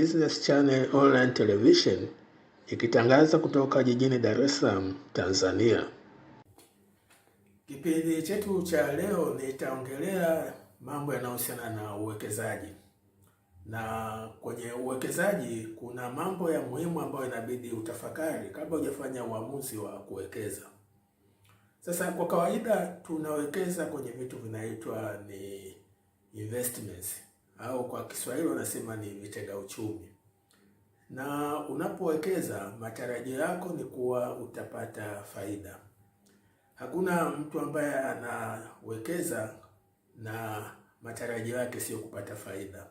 Business Channel Online Television ikitangaza kutoka jijini Dar es Salaam, Tanzania. Kipindi chetu cha leo nitaongelea mambo yanayohusiana na uwekezaji, na kwenye uwekezaji kuna mambo ya muhimu ambayo inabidi utafakari kabla hujafanya uamuzi wa kuwekeza. Sasa kwa kawaida tunawekeza kwenye vitu vinaitwa ni investments au kwa Kiswahili wanasema ni vitega uchumi. Na unapowekeza matarajio yako ni kuwa utapata faida. Hakuna mtu ambaye anawekeza na matarajio yake sio kupata faida.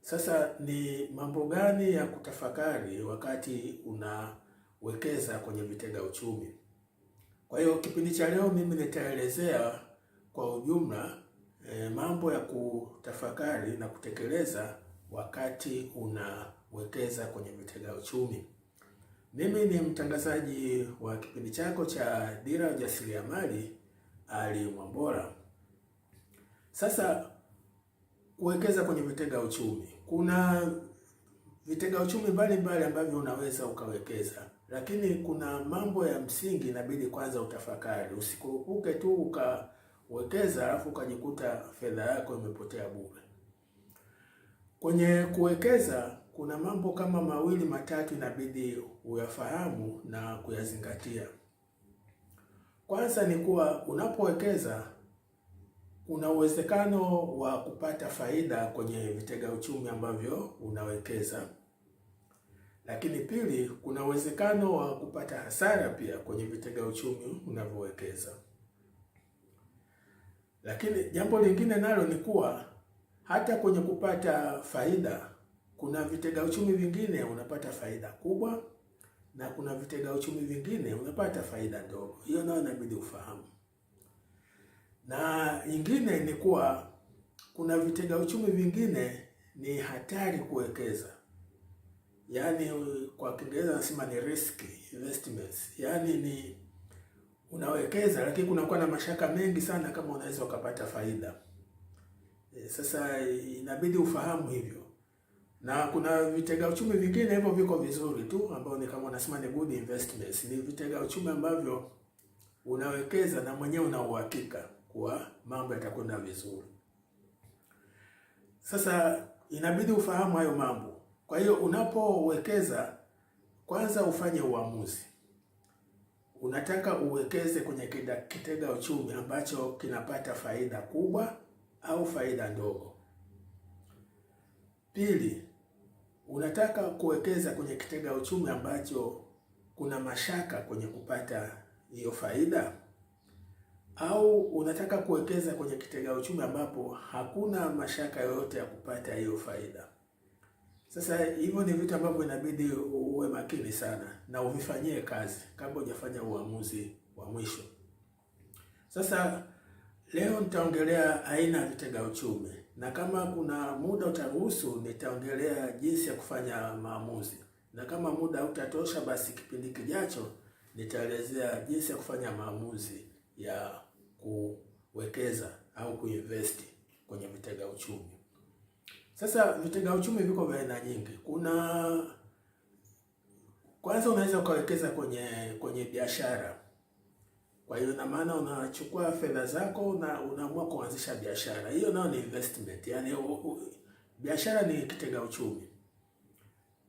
Sasa ni mambo gani ya kutafakari wakati unawekeza kwenye vitega uchumi? Kwa hiyo kipindi cha leo mimi nitaelezea kwa ujumla e, mambo ya kutafakari na kutekeleza wakati unawekeza kwenye vitega uchumi. Mimi ni mtangazaji wa kipindi chako cha Dira ya Ujasiriamali, Ali Mwambola. Sasa kuwekeza kwenye vitega uchumi, kuna vitega uchumi mbalimbali ambavyo unaweza ukawekeza, lakini kuna mambo ya msingi inabidi kwanza utafakari, usikurupuke tu uka wekeza alafu ukajikuta fedha yako imepotea bure. Kwenye kuwekeza kuna mambo kama mawili matatu inabidi uyafahamu na kuyazingatia. Kwanza ni kuwa unapowekeza kuna uwezekano wa kupata faida kwenye vitega uchumi ambavyo unawekeza, lakini pili, kuna uwezekano wa kupata hasara pia kwenye vitega uchumi unavyowekeza. Lakini jambo lingine nalo ni kuwa hata kwenye kupata faida kuna vitega uchumi vingine unapata faida kubwa na kuna vitega uchumi vingine unapata faida ndogo. Hiyo nayo inabidi ufahamu. Na ingine ni kuwa kuna vitega uchumi vingine ni hatari kuwekeza, yaani kwa Kiingereza nasema ni risky investments, yaani ni unawekeza, lakini kunakuwa na mashaka mengi sana kama unaweza ukapata faida. E, sasa inabidi ufahamu hivyo, na kuna vitega uchumi vingine hivyo viko vizuri tu, ambao ni kama unasema ni good investments, ni vitega uchumi ambavyo unawekeza na mwenyewe una uhakika kuwa mambo yatakwenda vizuri. Sasa inabidi ufahamu hayo mambo. Kwa hiyo unapowekeza, kwanza ufanye uamuzi unataka uwekeze kwenye kitega uchumi ambacho kinapata faida kubwa au faida ndogo. Pili, unataka kuwekeza kwenye kitega uchumi ambacho kuna mashaka kwenye kupata hiyo faida, au unataka kuwekeza kwenye kitega uchumi ambapo hakuna mashaka yoyote ya kupata hiyo faida. Sasa hivyo ni vitu ambavyo inabidi uwe makini sana na uvifanyie kazi kabla hujafanya uamuzi wa mwisho. Sasa leo nitaongelea aina ya vitega uchumi, na kama kuna muda utaruhusu, nitaongelea jinsi ya kufanya maamuzi, na kama muda hautatosha, basi kipindi kijacho nitaelezea jinsi ya kufanya maamuzi ya kuwekeza au kuinvesti kwenye vitega uchumi. Sasa vitega uchumi viko vya aina nyingi. Kuna kwanza, unaweza ukawekeza kwenye kwenye biashara. Kwa hiyo na maana unachukua fedha zako na unaamua kuanzisha biashara, hiyo nayo ni investment. yaani biashara ni kitega uchumi.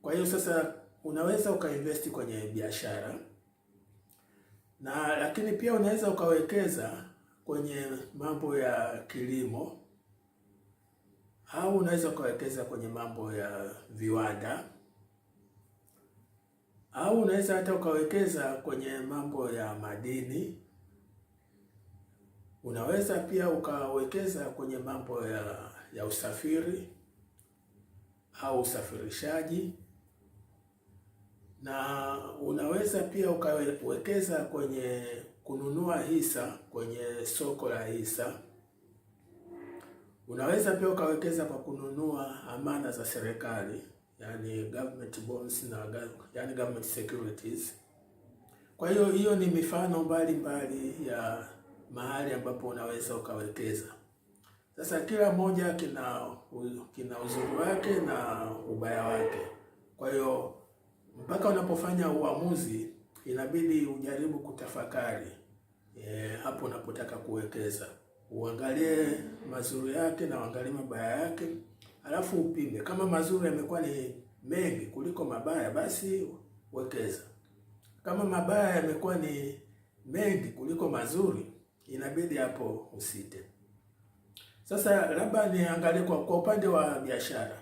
Kwa hiyo sasa unaweza ukainvesti kwenye biashara na lakini pia unaweza ukawekeza kwenye mambo ya kilimo au unaweza ukawekeza kwenye mambo ya viwanda au unaweza hata ukawekeza kwenye mambo ya madini. Unaweza pia ukawekeza kwenye mambo ya, ya usafiri au usafirishaji, na unaweza pia ukawekeza kwenye kununua hisa kwenye soko la hisa. Unaweza pia ukawekeza kwa kununua amana za serikali, yani government bonds na yani government securities. Kwa hiyo hiyo ni mifano mbalimbali mbali ya mahali ambapo unaweza ukawekeza. Sasa kila moja kina kina uzuri wake na ubaya wake. Kwa hiyo mpaka unapofanya uamuzi inabidi ujaribu kutafakari e, hapo unapotaka kuwekeza uangalie mazuri yake na uangalie mabaya yake, alafu upime. Kama mazuri yamekuwa ni mengi kuliko mabaya, basi wekeza. Kama mabaya yamekuwa ni mengi kuliko mazuri, inabidi hapo usite. Sasa labda niangalie kwa, kwa upande wa biashara.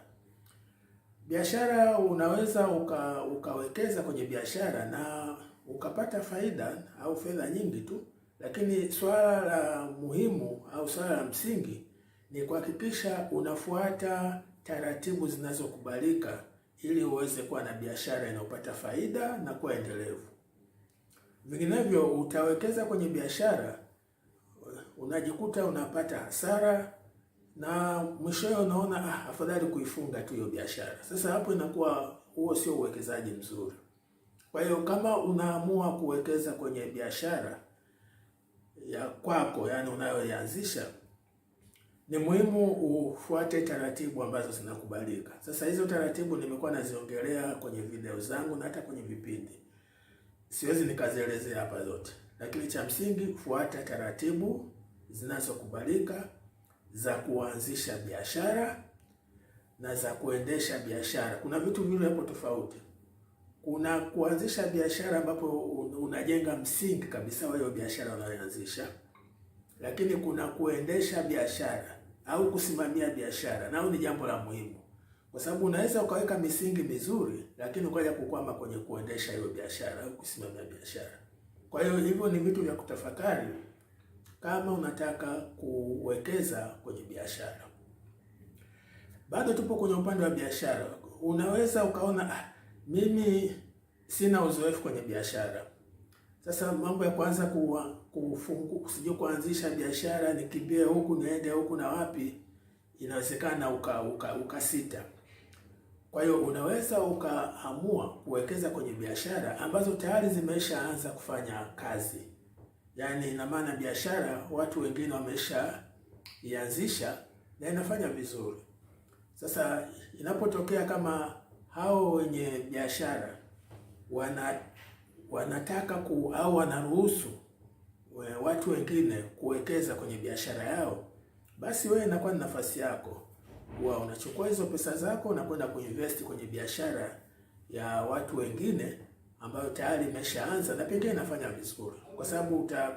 Biashara unaweza uka, ukawekeza kwenye biashara na ukapata faida au fedha nyingi tu lakini swala la muhimu au swala la msingi ni kuhakikisha unafuata taratibu zinazokubalika ili uweze kuwa na biashara inayopata faida na kuwa endelevu. Vinginevyo utawekeza kwenye biashara, unajikuta unapata hasara na mwishowe unaona ah, afadhali kuifunga tu hiyo biashara. Sasa hapo inakuwa huo sio uwekezaji mzuri. Kwa hiyo kama unaamua kuwekeza kwenye biashara ya kwako, yani unayoianzisha, ni muhimu ufuate taratibu ambazo zinakubalika. Sasa hizo taratibu nimekuwa naziongelea kwenye video zangu na hata kwenye vipindi, siwezi nikazielezea hapa zote, lakini cha msingi, fuata taratibu zinazokubalika za kuanzisha biashara na za kuendesha biashara. Kuna vitu vile hapo tofauti kuna kuanzisha biashara ambapo unajenga msingi kabisa wa hiyo biashara unayoanzisha, lakini kuna kuendesha biashara au kusimamia biashara, nao ni jambo la muhimu, kwa sababu unaweza ukaweka misingi mizuri, lakini ukaja kukwama kwenye kuendesha hiyo biashara au kusimamia biashara. Kwa hiyo hivyo ni vitu vya kutafakari kama unataka kuwekeza kwenye biashara. Bado tupo kwenye upande wa biashara, unaweza ukaona ah, mimi sina uzoefu kwenye biashara. Sasa mambo ya kwanza kuwa kufungu kusije kuanzisha biashara nikimbie huku niende huku na wapi, inawezekana uka, uka, ukasita. Kwa hiyo unaweza ukaamua kuwekeza kwenye biashara ambazo tayari zimeshaanza kufanya kazi, yaani ina maana biashara watu wengine wameshaianzisha na inafanya vizuri. Sasa inapotokea kama hao wenye biashara wana, wanataka ku, au wanaruhusu we, watu wengine kuwekeza kwenye biashara yao, basi wewe inakuwa ni nafasi yako kuwa unachukua hizo pesa zako na kwenda kuinvest kwenye biashara ya watu wengine ambayo tayari imeshaanza na pengine inafanya vizuri, kwa sababu uta,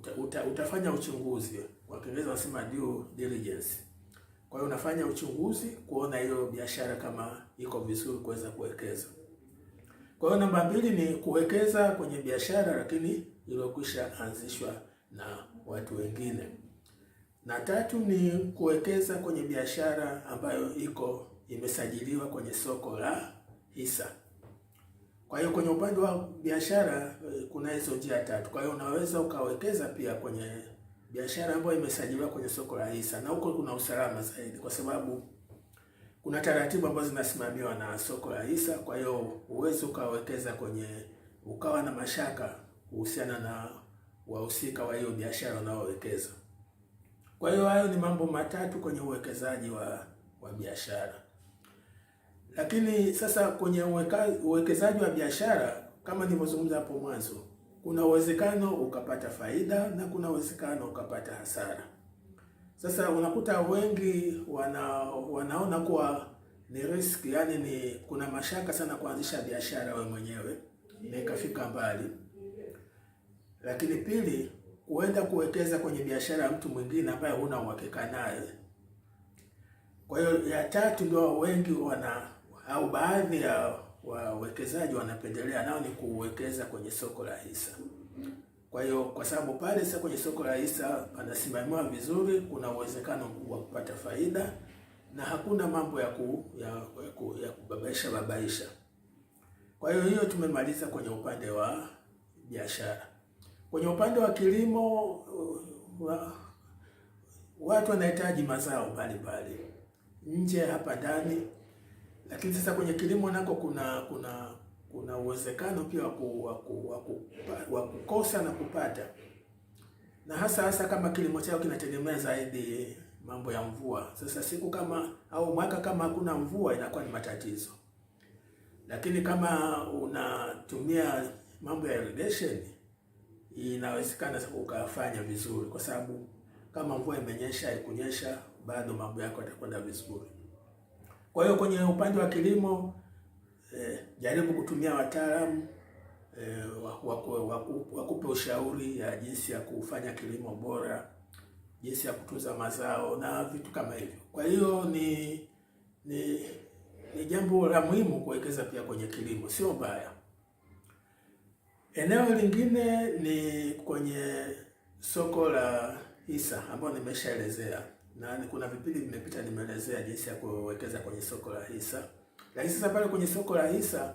uta, uta, utafanya uchunguzi. Kwa Kiingereza wanasema due diligence. Kwa hiyo unafanya uchunguzi kuona hiyo biashara kama iko vizuri kuweza kuwekeza. Kwa hiyo namba mbili ni kuwekeza kwenye biashara lakini iliyokwisha anzishwa na watu wengine, na tatu ni kuwekeza kwenye biashara ambayo iko imesajiliwa kwenye soko la hisa. Kwa hiyo kwenye upande wa biashara eh, kuna hizo njia tatu. Kwa hiyo unaweza ukawekeza pia kwenye biashara ambayo imesajiliwa kwenye soko la hisa, na huko kuna usalama zaidi, kwa sababu kuna taratibu ambazo zinasimamiwa na soko la hisa. Kwa hiyo huwezi ukawekeza kwenye ukawa na mashaka kuhusiana na wahusika wa hiyo biashara unaowekeza. Kwa hiyo hayo ni mambo matatu kwenye uwekezaji wa wa biashara. Lakini sasa kwenye uwekezaji wa biashara kama nilivyozungumza hapo mwanzo kuna uwezekano ukapata faida na kuna uwezekano ukapata hasara. Sasa unakuta wengi wana, wanaona kuwa ni riski, yani ni kuna mashaka sana kuanzisha biashara wewe mwenyewe na ikafika mbali, lakini pili, huenda kuwekeza kwenye biashara ya mtu mwingine ambaye huna uhakika naye. Kwa hiyo ya tatu ndio wengi wana au baadhi ya wawekezaji wanapendelea nao ni kuwekeza kwenye soko la hisa. Kwa hiyo kwa sababu pale sasa kwenye soko la hisa panasimamiwa vizuri, kuna uwezekano mkubwa wa kupata faida na hakuna mambo ya, ku, ya, ya, ku, ya kubabaisha babaisha. Kwa hiyo hiyo tumemaliza kwenye upande wa biashara. Kwenye upande wa kilimo uh, wa, watu wanahitaji mazao mbalimbali nje hapa ndani lakini sasa kwenye kilimo nako kuna kuna kuna uwezekano pia wa kukosa na kupata, na hasa hasa kama kilimo chao kinategemea zaidi mambo ya mvua. Sasa siku kama au mwaka kama hakuna mvua, inakuwa ni matatizo, lakini kama unatumia mambo ya irrigation, inawezekana ukafanya vizuri, kwa sababu kama mvua imenyesha, ikunyesha, bado mambo yako yatakwenda vizuri. Kwa hiyo kwenye upande wa kilimo eh, jaribu kutumia wataalamu eh, wakupe ushauri ya jinsi ya kufanya kilimo bora, jinsi ya kutunza mazao na vitu kama hivyo. Kwa hiyo ni ni ni jambo la muhimu kuwekeza pia kwenye kilimo, sio mbaya. Eneo lingine ni kwenye soko la hisa ambayo nimeshaelezea na kuna vipindi vimepita nimeelezea jinsi ya kuwekeza kwenye soko la hisa, lakini sasa pale kwenye soko la hisa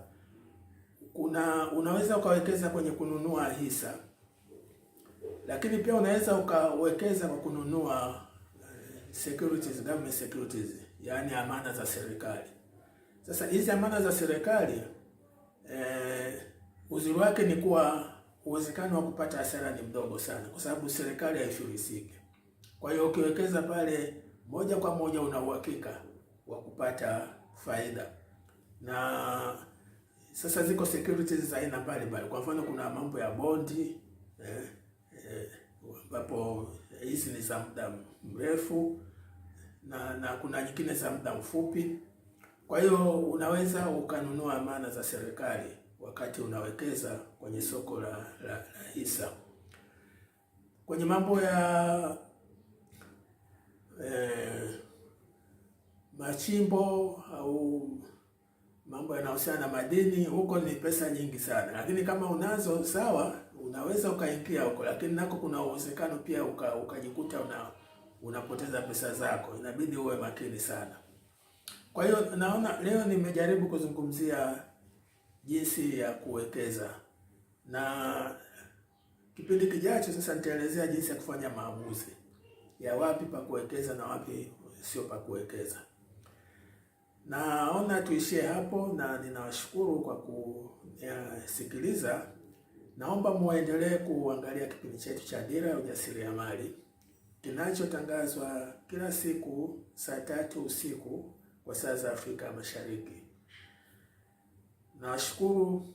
kuna unaweza ukawekeza kwenye kununua hisa, lakini pia unaweza ukawekeza kwa kununua eh, securities, government securities, yaani amana za serikali. Sasa hizi amana za serikali eh, uzuri wake ni kuwa uwezekano wa kupata hasara ni mdogo sana, kwa sababu serikali haifilisiki. Kwa hiyo ukiwekeza pale moja kwa moja una uhakika wa kupata faida. Na sasa ziko securities za aina mbalimbali. Kwa mfano kuna mambo ya bondi eh, eh, hizi ni za muda mrefu na na kuna nyingine za muda mfupi. Kwa hiyo unaweza ukanunua amana za serikali wakati unawekeza kwenye soko la, la, la hisa. Kwenye mambo ya Eh, machimbo au mambo yanayohusiana na madini huko ni pesa nyingi sana, lakini kama unazo sawa, unaweza ukaingia huko, lakini nako kuna uwezekano pia ukajikuta uka una, unapoteza pesa zako. Inabidi uwe makini sana. Kwa hiyo naona leo nimejaribu kuzungumzia jinsi ya kuwekeza, na kipindi kijacho sasa nitaelezea jinsi ya kufanya maamuzi ya wapi pa kuwekeza na wapi sio pa kuwekeza. Naona tuishie hapo, na ninawashukuru kwa kusikiliza. Naomba muendelee kuangalia kipindi chetu cha Dira ya Ujasiriamali kinachotangazwa kila siku saa tatu usiku kwa saa za Afrika Mashariki. Nawashukuru,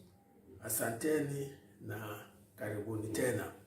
asanteni na karibuni tena.